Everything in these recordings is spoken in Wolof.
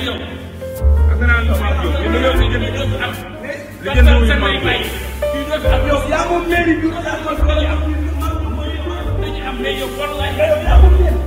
ni yow. ak naa lu ma jóg li nga li jënd ak. li jënd wu ñu ma ak yow yaa moom mairie bi ko daal kon dañuy am dañuy am mais yow kon laay yow yaa moom mairie.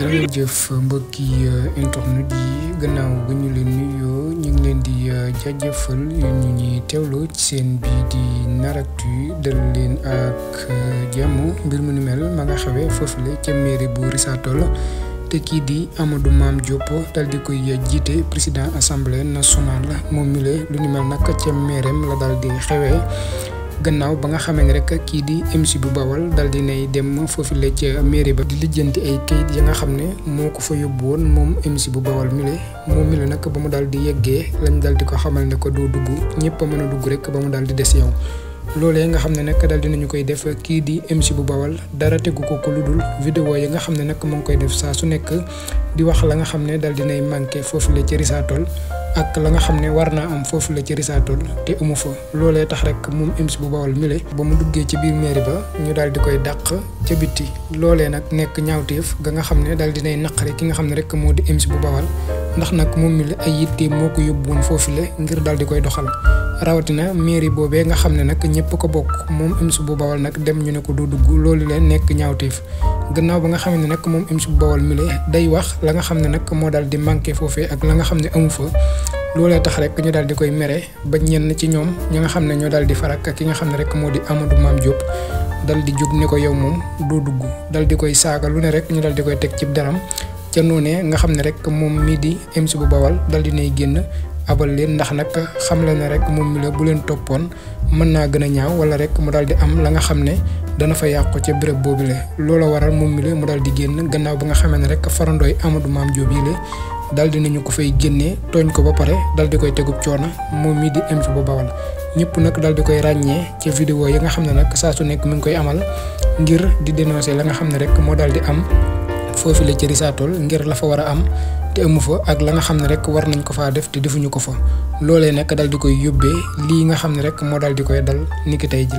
jërë jëf mbokki euh, internet yi gannaaw ba ñu leen nuyoo ñu ngi leen di euh, jaajëfal ñu ñuy teewloo seen bii di naraktu dal leen ak euh, jàmm mbir mu ni mel ma nga xewee foofu la ca mairie bu Richard-Toll te ci di Amadou Mame Diop dal di koy jiite président assemblée nationale moom mi la lu ni mel nag ca maireem la dal di xewee. gannaaw ba nga xamee ne rek kii di MC bu Bawal dal di nay dem foofu la ca mairie ba di lijjanti ay kayit ya nga xam ne moo ko fa yóbbu woon moom MC bu Bawal mi le moom mi la nag ba mu daal di yeggee lañ daal di ko xamal ne ko doo dugg ñëpp a mën a dugg rek ba mu daal di des yow. loolee nga xam ne nag dal dinañu koy def kii di MC bu bawal dara tegu ko ko ludul vidéo yi nga xam ne nag mu ngi koy def saa su nekk di wax la nga xam ne dal dinay manqué foofu la ci ak la nga xam ne war naa am foofu la ci risaatol te amu fa loolee tax rek moom MC bu bawal mile ba mu duggee ci biir mairie ba ñu dal di koy dàq ca biti loolee nag nekk ñaawteef ga nga xam ne dal dinay naqari ki nga xam ne rek moo di MC bu bawal ndax nak mom mi ay yitté moko ko fofu le ngir dal di koy doxal na mairie bobé nga xamné nak ñepp ñëpp ko bokk moom ims bu bawal nak dem ñu ne ko do dugg loolu le nek ñaawteef gannaaw ba nga xamné nak mom im su bawal mi day wax la nga xamné nak mo dal di manké fofé ak la nga xamné amu fa loolee tax rek ñu dal di koy mere ba ñenn ci ñom ñi nga xamné ñoo di farak ak ki nga xamné rek modi Amadou mam Diop dal di jog ne ko yow mom do dugg dal di koy saga lu ne rek ñu dal di koy tek ci daram ca noonee nga xam ne rek moom mii di MC bu bawal dal di nay génn abal leen ndax nag xam la ne rek moom la bu leen toppoon mën naa gën a ñaaw wala rek mu daal di am la nga xam ne dana fa yàqu ca béréb boobule loola waral moom mi la mu daal di génn gannaaw ba nga xamee ne rek farandooy Amadou Mame Diop yi dal di nañu ko fay génnee tooñ ko ba pare dal di koy tegub coono moom mii di MC bu bawal ñëpp nag dal di koy ràññee ca vidéo yi nga xam ne nag saa su nekk mu ngi koy amal ngir di dénoncer la nga xam ne rek moo daal di am foofu la ci risaatol ngir la fa war a am te amu fa ak la nga xam ne rek war nañ ko faa def te defuñu ko fa loolee nag dal di koy yóbbee lii nga xam ne rek moo dal di koy dal ni niki tey ji